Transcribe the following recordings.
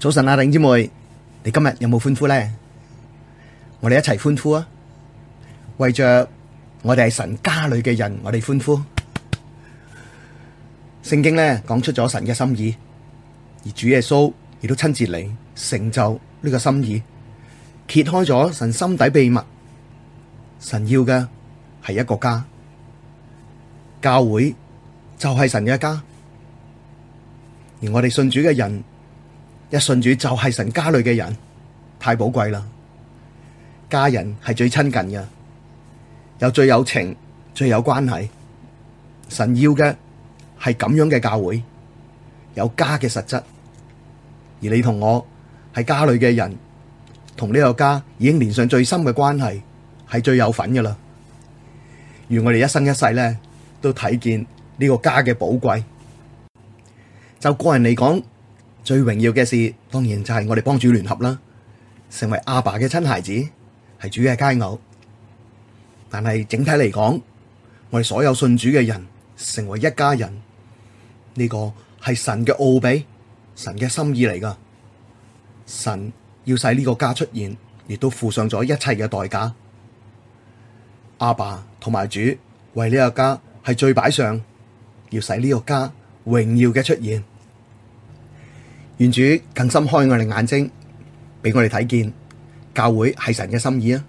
早晨啊，丁姐妹，你今日有冇歡呼呢？我哋一齊歡呼啊！為着我哋係神家裏嘅人，我哋歡呼。聖經呢講出咗神嘅心意，而主耶穌亦都親自嚟成就呢個心意，揭開咗神心底秘密。神要嘅係一個家，教會就係神嘅一家，而我哋信主嘅人。一信主就係神家裏嘅人，太寶貴啦！家人係最親近嘅，有最有情、最有關係。神要嘅係咁樣嘅教會，有家嘅實質。而你同我係家裏嘅人，同呢個家已經連上最深嘅關係，係最有份嘅啦。願我哋一生一世咧都睇見呢個家嘅寶貴。就個人嚟講，最榮耀嘅事，當然就係我哋幫主聯合啦，成為阿爸嘅親孩子，係主嘅佳偶。但係整體嚟講，我哋所有信主嘅人成為一家人，呢、這個係神嘅奧秘，神嘅心意嚟噶。神要使呢個家出現，亦都付上咗一切嘅代價。阿爸同埋主為呢個家係最擺上，要使呢個家榮耀嘅出現。願主更深開我哋眼睛，俾我哋睇見教會係神嘅心意啊！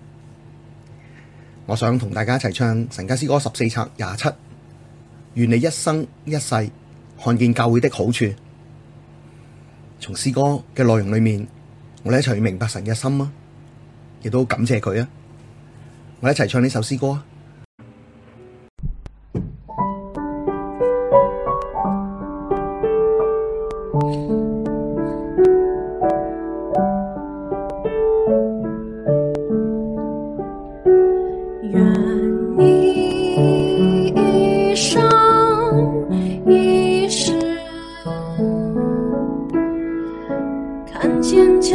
我想同大家一齊唱神家詩歌十四冊廿七，願你一生一世看見教會的好處。從詩歌嘅內容裏面，我哋一齊要明白神嘅心啊，亦都感謝佢啊！我哋一齊唱呢首詩歌啊！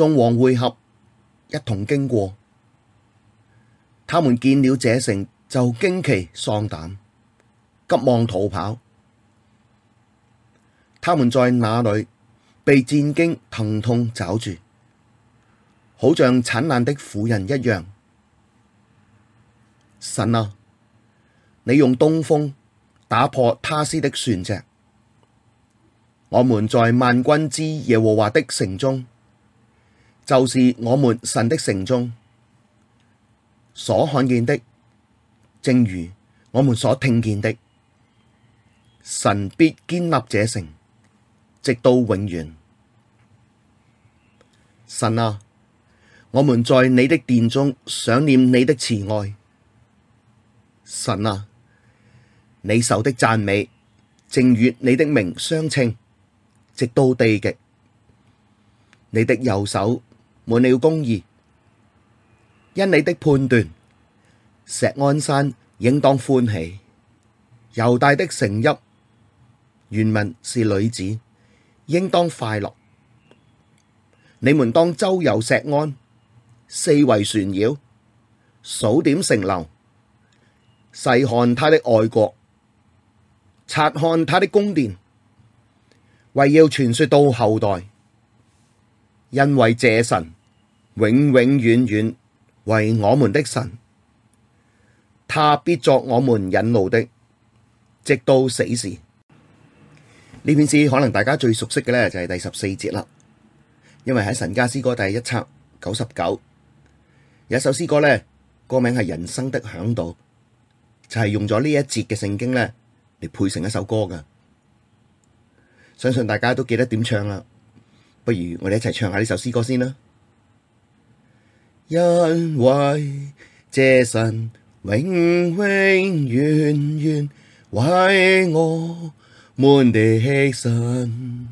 眾王會合，一同經過，他們見了這城就驚奇喪膽，急忙逃跑。他們在那裡被戰兢疼痛抓住，好像產難的婦人一樣。神啊，你用東風打破他施的船隻，我們在萬軍之耶和華的城中。就是我們神的城中所看見的，正如我們所聽見的，神必堅立這城，直到永遠。神啊，我們在你的殿中想念你的慈愛。神啊，你受的讚美正與你的名相稱，直到地極。你的右手，滿了公義，因你的判斷，錫安山應當歡喜；猶大的城邑，原文是女子，應當快樂。你們當周遊錫安，四圍旋繞，數點城樓，細看他的外郭，察看他的宮殿，為要傳說到後代。因為這神永永遠遠為我們的神，他必作我們引路的，直到死時。呢篇詩可能大家最熟悉嘅呢，就係第十四節啦，因為喺神家詩歌第一冊九十九，有一首詩歌呢，歌名係人生的嚮導，就係、是、用咗呢一節嘅聖經呢嚟，配成一首歌㗎。相信大家都記得點唱啦。不如我哋一齊唱一下呢首詩歌先啦。因為這神永永遠遠為我們的神，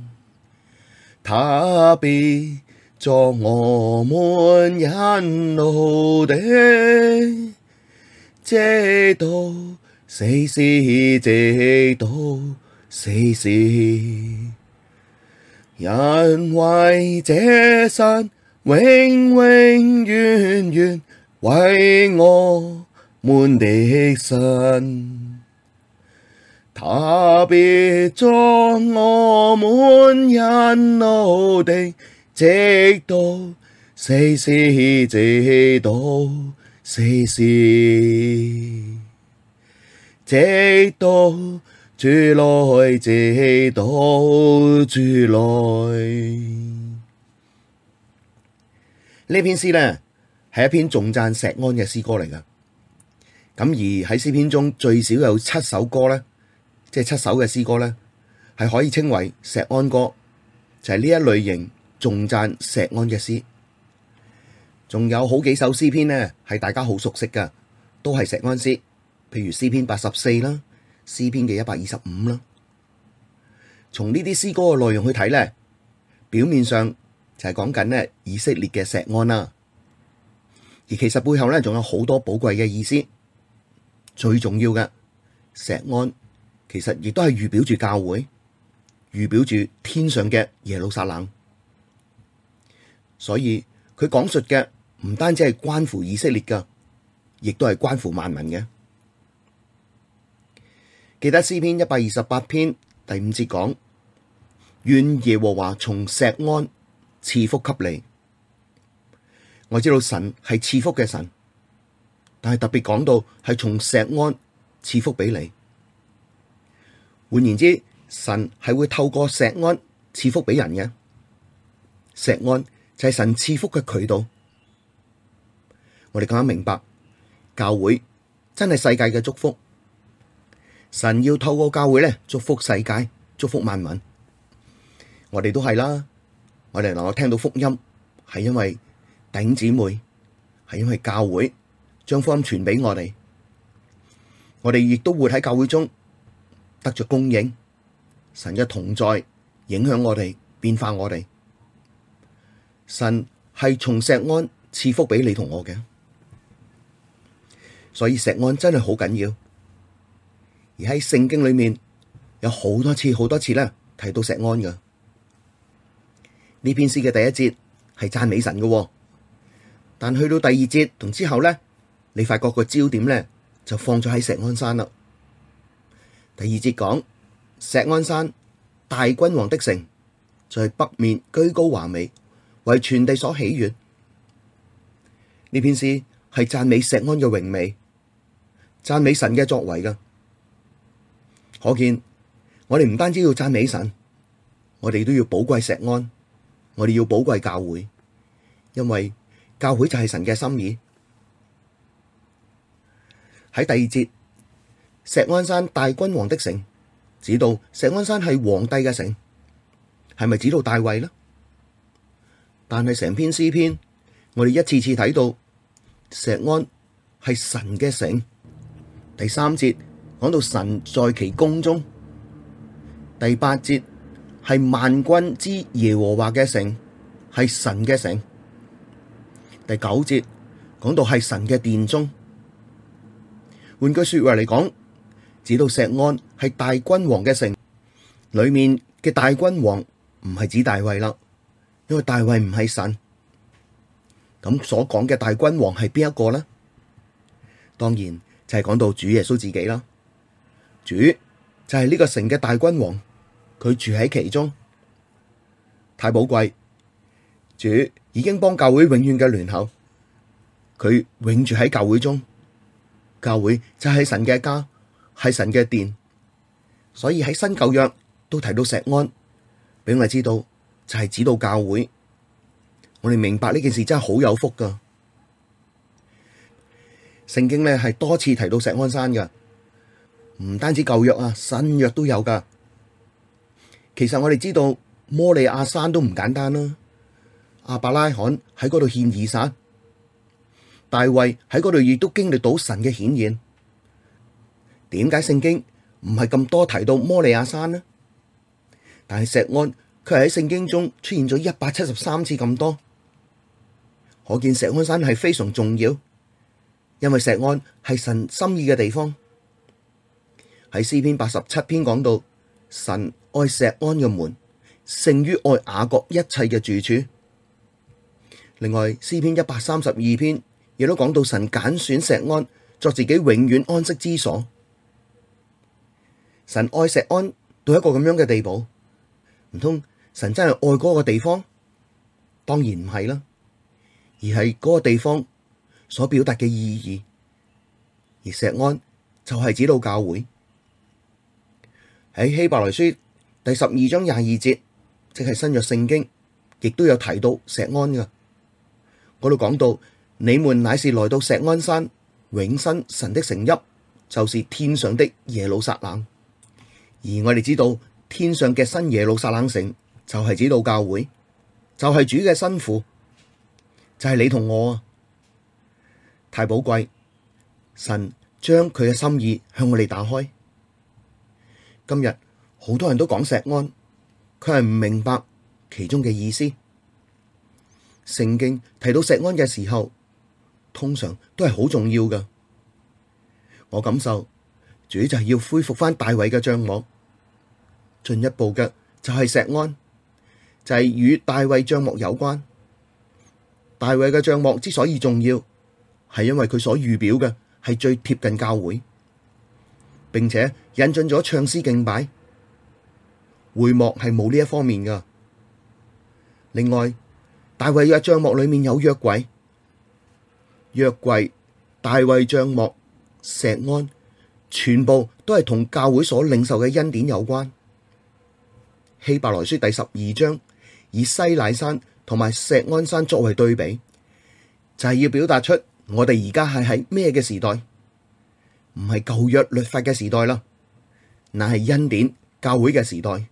他必作我們引路的，直到死時，直到死時。因為這神永永遠遠，遠為我們的神，他必作我們引路的，直到死時，直到死時，直到。直到主來接待主來，呢篇詩呢，係一篇頌讚錫安嘅詩歌嚟噶。咁而喺詩篇中最少有七首歌呢，即係七首嘅詩歌呢，係可以稱為錫安歌，就係呢一類型頌讚錫安嘅詩。仲有好幾首詩篇呢，係大家好熟悉噶，都係錫安詩，譬如詩篇八十四啦。詩篇嘅一百二十五啦，從呢啲詩歌嘅內容去睇咧，表面上就係講緊咧以色列嘅錫安啦，而其實背後咧仲有好多寶貴嘅意思。最重要嘅錫安，其實亦都係預表住教會，預表住天上嘅耶路撒冷。所以佢講述嘅唔單止係關乎以色列嘅，亦都係關乎萬民嘅。記得詩篇一百二十八篇第五節講：願耶和華從錫安賜福給你。我知道神係賜福嘅神，但係特別講到係從錫安賜福俾你。換言之，神係會透過錫安賜福俾人嘅。錫安就係神賜福嘅渠道。我哋更加明白，教會真係世界嘅祝福。神要透過教會咧祝福世界，祝福萬民。我哋都係啦，我哋能夠聽到福音，係因為弟兄姊妹，係因為教會將福音傳畀我哋。我哋亦都會喺教會中得着供應，神嘅同在影響我哋，變化我哋。神係從錫安賜福俾你同我嘅，所以錫安真係好緊要。而喺聖經裏面，有好多次好多次咧提到錫安嘅。呢篇詩嘅第一節係讚美神嘅，但去到第二節同之後咧，你發覺個焦點咧就放咗喺錫安山啦。第二節講錫安山大君王的城，在北面居高華美，為全地所喜悅。呢篇詩係讚美錫安嘅榮美，讚美神嘅作為嘅。可見我哋唔單止要讚美神，我哋都要寶貴錫安，我哋要寶貴教會，因為教會就係神嘅心意。喺第二節，錫安山大君王的城，指到錫安山係皇帝嘅城，係咪指到大衛呢？但係成篇詩篇，我哋一次次睇到錫安係神嘅城。第三節。講到神在其宮中，第八節係萬軍之耶和華嘅城，係神嘅城。第九節講到係神嘅殿中。換句說話嚟講，指到錫安係大君王嘅城，裏面嘅大君王唔係指大衛啦，因為大衛唔係神。咁所講嘅大君王係邊一個呢？當然就係講到主耶穌自己啦。主就係呢個城嘅大君王，佢住喺其中，太寶貴。主已經幫教會永遠嘅聯合，佢永住喺教會中，教會就係神嘅家，係神嘅殿。所以喺新舊約都提到錫安，俾我哋知道就係指導教會。我哋明白呢件事真係好有福噶。聖經呢係多次提到錫安山噶。唔單止舊約啊，新約都有噶。其實我哋知道摩利亞山都唔簡單啦。亞伯拉罕喺嗰度獻以撒，大衛喺嗰度亦都經歷到神嘅顯現。點解聖經唔係咁多提到摩利亞山呢？但係錫安佢係喺聖經中出現咗一百七十三次咁多，可見錫安山係非常重要，因為錫安係神心意嘅地方。喺詩篇八十七篇講到，神愛錫安嘅門勝於愛雅各一切嘅住處。另外詩篇一百三十二篇亦都講到神揀選錫安作自己永遠安息之所。神愛錫安到一個咁樣嘅地步，唔通神真係愛嗰個地方？當然唔係啦，而係嗰個地方所表達嘅意義，而錫安就係指到教會。喺希伯來書第十二章廿二節，即係新約聖經，亦都有提到錫安㗎。嗰度講到你們乃是來到錫安山，永生神的城邑，就是天上的耶路撒冷。而我哋知道天上嘅新耶路撒冷城，就係指到教會，就係、是、主嘅新婦，就係、是、你同我啊！太寶貴，神將佢嘅心意向我哋打開。今日好多人都講錫安，佢係唔明白其中嘅意思。聖經提到錫安嘅時候，通常都係好重要㗎。我感受主要就係要恢復返大衛嘅帳幕，進一步嘅就係錫安，就係、是、與大衛帳幕有關。大衛嘅帳幕之所以重要，係因為佢所預表嘅係最貼近教會。並且引進咗唱詩敬拜，會幕係冇呢一方面噶。另外，大衛嘅帳幕裏面有約櫃，約櫃、大衛帳幕、錫安，全部都係同教會所領受嘅恩典有關。希伯來書第十二章以西乃山同埋錫安山作為對比，就係要表達出我哋而家係喺咩嘅時代。唔係舊約律法嘅時代啦，乃係恩典教會嘅時代。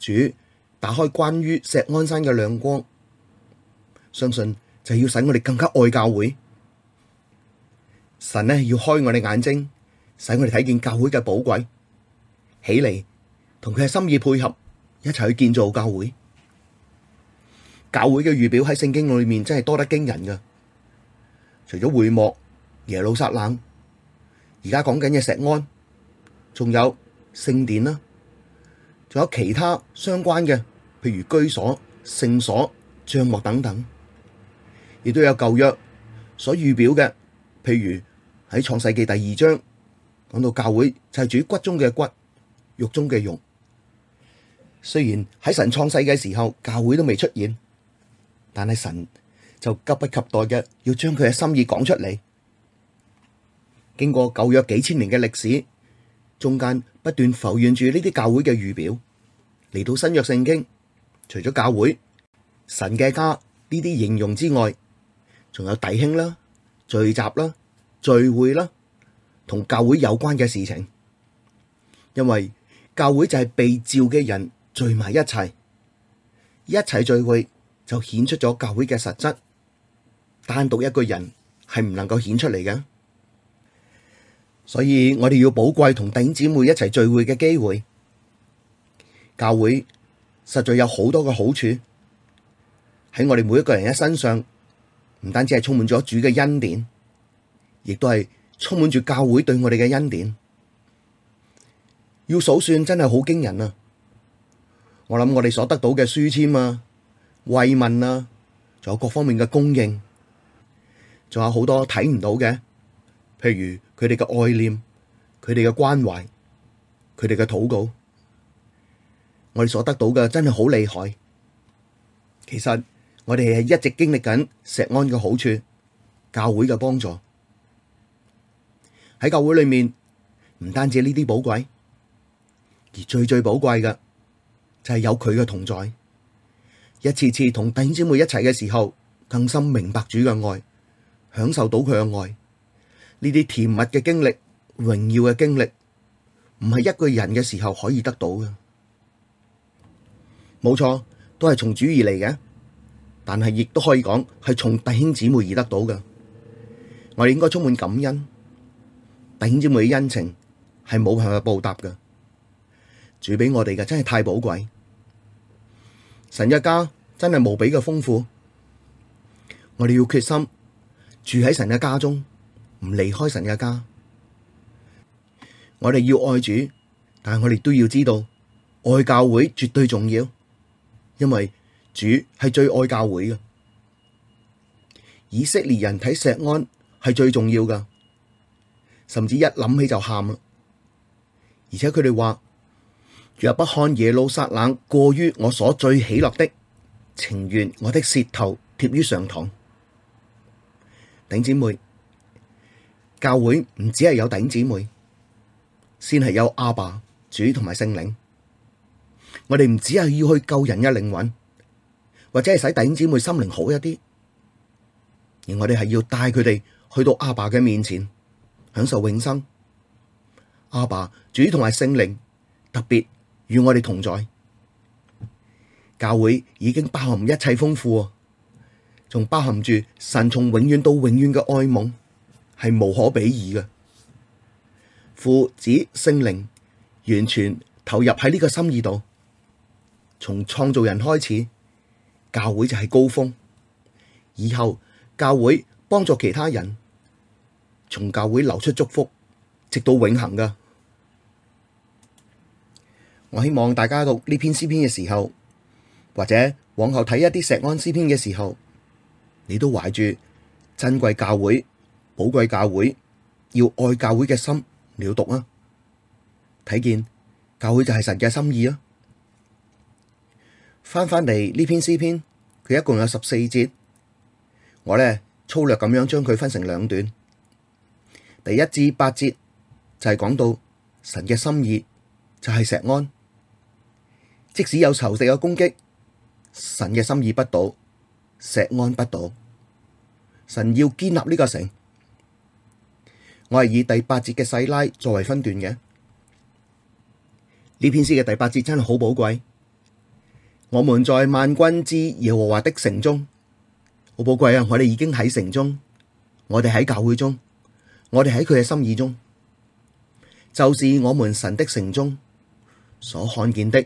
主打開關於錫安山嘅亮光，相信就要使我哋更加愛教會。神呢要開我哋眼睛，使我哋睇見教會嘅寶貴，起嚟同佢嘅心意配合，一齊去建造教會。教會嘅預表喺聖經裏面真係多得驚人噶，除咗會幕耶路撒冷。而家講緊嘅錫安，仲有聖殿啦，仲有其他相關嘅，譬如居所、聖所、帳幕等等，亦都有舊約所預表嘅，譬如喺創世紀第二章講到教會就係主骨中嘅骨，肉中嘅肉。雖然喺神創世嘅時候，教會都未出現，但係神就急不及待嘅要將佢嘅心意講出嚟。經過舊約幾千年嘅歷史，中間不斷浮現住呢啲教會嘅預表，嚟到新約聖經，除咗教會、神嘅家呢啲形容之外，仲有弟兄啦、聚集啦、聚會啦，同教會有關嘅事情。因為教會就係被召嘅人聚埋一齊，一齊聚會就顯出咗教會嘅實質。單獨一個人係唔能夠顯出嚟嘅。所以我哋要寶貴同弟兄姊妹一齊聚會嘅機會，教會實在有好多嘅好處喺我哋每一個人嘅身上，唔單止係充滿咗主嘅恩典，亦都係充滿住教會對我哋嘅恩典。要數算真係好驚人啊！我諗我哋所得到嘅書籤啊、慰問啊，仲有各方面嘅供應，仲有好多睇唔到嘅，譬如。佢哋嘅愛念，佢哋嘅關懷，佢哋嘅禱告，我哋所得到嘅真係好厲害。其實我哋係一直經歷緊錫安嘅好處，教會嘅幫助。喺教會裏面，唔單止呢啲寶貴，而最最寶貴嘅就係有佢嘅同在。一次次同弟兄姊妹一齊嘅時候，更深明白主嘅愛，享受到佢嘅愛。呢啲甜蜜嘅經歷、榮耀嘅經歷，唔係一個人嘅時候可以得到嘅，冇錯，都係從主而嚟嘅。但係亦都可以講係從弟兄姊妹而得到嘅。我哋應該充滿感恩，弟兄姊妹嘅恩情係冇辦法報答嘅，住俾我哋嘅真係太寶貴。神嘅家真係無比嘅豐富，我哋要決心住喺神嘅家中。唔離開神嘅家，我哋要愛主，但係我哋都要知道愛教會絕對重要，因為主係最愛教會嘅。以色列人睇錫安係最重要噶，甚至一諗起就喊啦。而且佢哋話：若不看耶路撒冷過於我所最喜樂的，情願我的舌頭貼於上膛」。頂姐妹。教會唔止係有弟兄姊妹，先係有阿爸、主同埋聖靈。我哋唔止係要去救人嘅靈魂，或者係使弟兄姊妹心靈好一啲，而我哋係要帶佢哋去到阿爸嘅面前，享受永生。阿爸、主同埋聖靈特別與我哋同在。教會已經包含一切豐富，仲包含住神從永遠到永遠嘅愛夢。係無可比擬嘅，父子聖靈完全投入喺呢個心意度，從創造人開始，教會就係高峰。以後教會幫助其他人，從教會流出祝福，直到永恒㗎。我希望大家讀呢篇詩篇嘅時候，或者往後睇一啲錫安詩篇嘅時候，你都懷住珍貴教會寶貴教會要愛教會嘅心，你要讀啊，睇見教會就係神嘅心意啊！翻翻嚟呢篇詩篇，佢一共有十四節，我咧粗略咁樣將佢分成兩段，第一至八節就係講到神嘅心意就係錫安，即使有仇敵嘅攻擊，神嘅心意不倒，錫安不倒，神要建立呢個城。我係以第八節嘅細拉作為分段嘅，呢篇詩嘅第八節真係好寶貴。我們在萬軍之耶和華的城中，好寶貴啊！我哋已經喺城中，我哋喺教會中，我哋喺佢嘅心意中，就是我們神的城中所看見的，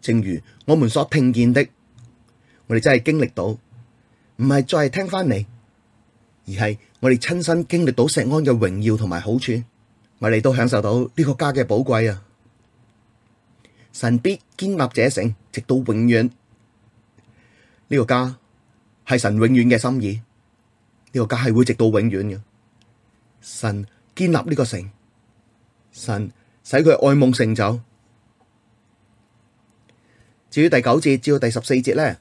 正如我們所聽見的，我哋真係經歷到，唔係再係聽翻嚟，而係。我哋親身經歷到錫安嘅榮耀同埋好處，我哋都享受到呢個家嘅寶貴啊！神必堅立這城，直到永遠。呢、這個家係神永遠嘅心意，呢、這個家係會直到永遠嘅。神堅立呢個城，神使佢愛夢成就。至於第九節至到第十四節咧，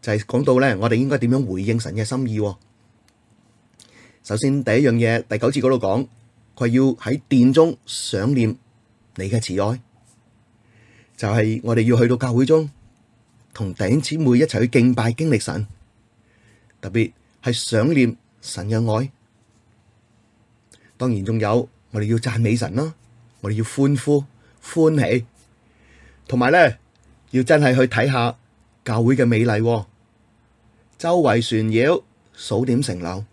就係、是、講到咧，我哋應該點樣回應神嘅心意。首先，第一樣嘢，第九節嗰度講，佢要喺殿中想念你嘅慈愛，就係、是、我哋要去到教會中同弟兄姊妹一齊去敬拜，經歷神，特別係想念神嘅愛。當然，仲有我哋要讚美神啦，我哋要歡呼歡喜，同埋咧要真係去睇下教會嘅美麗，周圍旋繞數點城樓。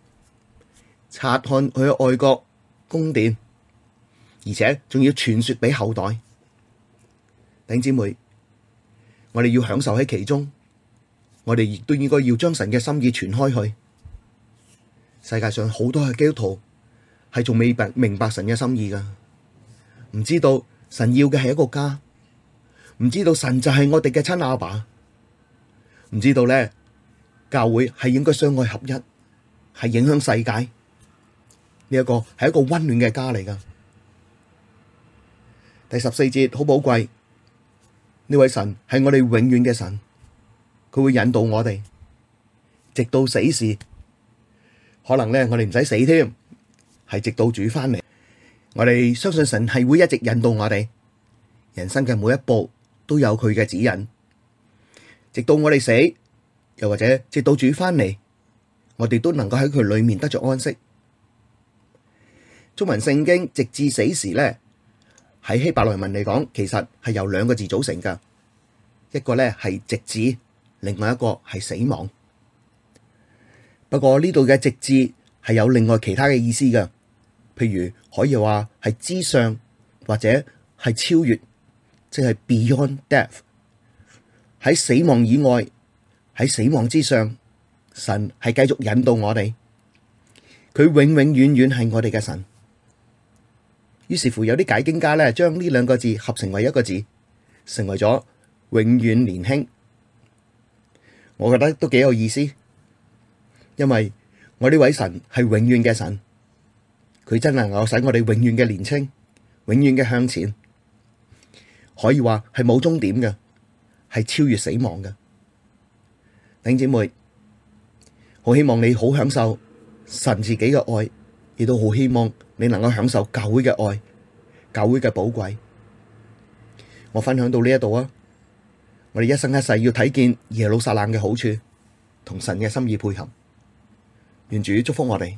察看佢嘅外郭宮殿，而且仲要傳說俾後代。弟兄姊妹，我哋要享受喺其中，我哋亦都應該要將神嘅心意傳開去。世界上好多嘅基督徒係仲未明明白神嘅心意㗎，唔知道神要嘅係一個家，唔知道神就係我哋嘅親阿爸，唔知道呢教會係應該相愛合一，係影響世界。呢一個係一個溫暖嘅家嚟噶。第十四節好寶貴，呢位神係我哋永遠嘅神，佢會引導我哋，直到死時。可能咧，我哋唔使死添，係直到主返嚟，我哋相信神係會一直引導我哋，人生嘅每一步都有佢嘅指引，直到我哋死，又或者直到主返嚟，我哋都能夠喺佢裏面得着安息。中文聖經直至死時咧，喺希伯來文嚟講，其實係由兩個字組成噶，一個咧係直至，另外一個係死亡。不過呢度嘅直至係有另外其他嘅意思噶，譬如可以話係之上或者係超越，即係 beyond death。喺死亡以外，喺死亡之上，神係繼續引導我哋。佢永永遠遠係我哋嘅神。於是乎，有啲解經家咧，將呢兩個字合成為一個字，成為咗永遠年輕。我覺得都幾有意思，因為我呢位神係永遠嘅神，佢真能夠使我哋永遠嘅年輕，永遠嘅向前，可以話係冇終點嘅，係超越死亡嘅。弟兄姊妹，好希望你好享受神自己嘅愛，亦都好希望。你能夠享受教會嘅愛，教會嘅寶貴。我分享到呢一度啊，我哋一生一世要睇見耶路撒冷嘅好處，同神嘅心意配合。願主祝福我哋。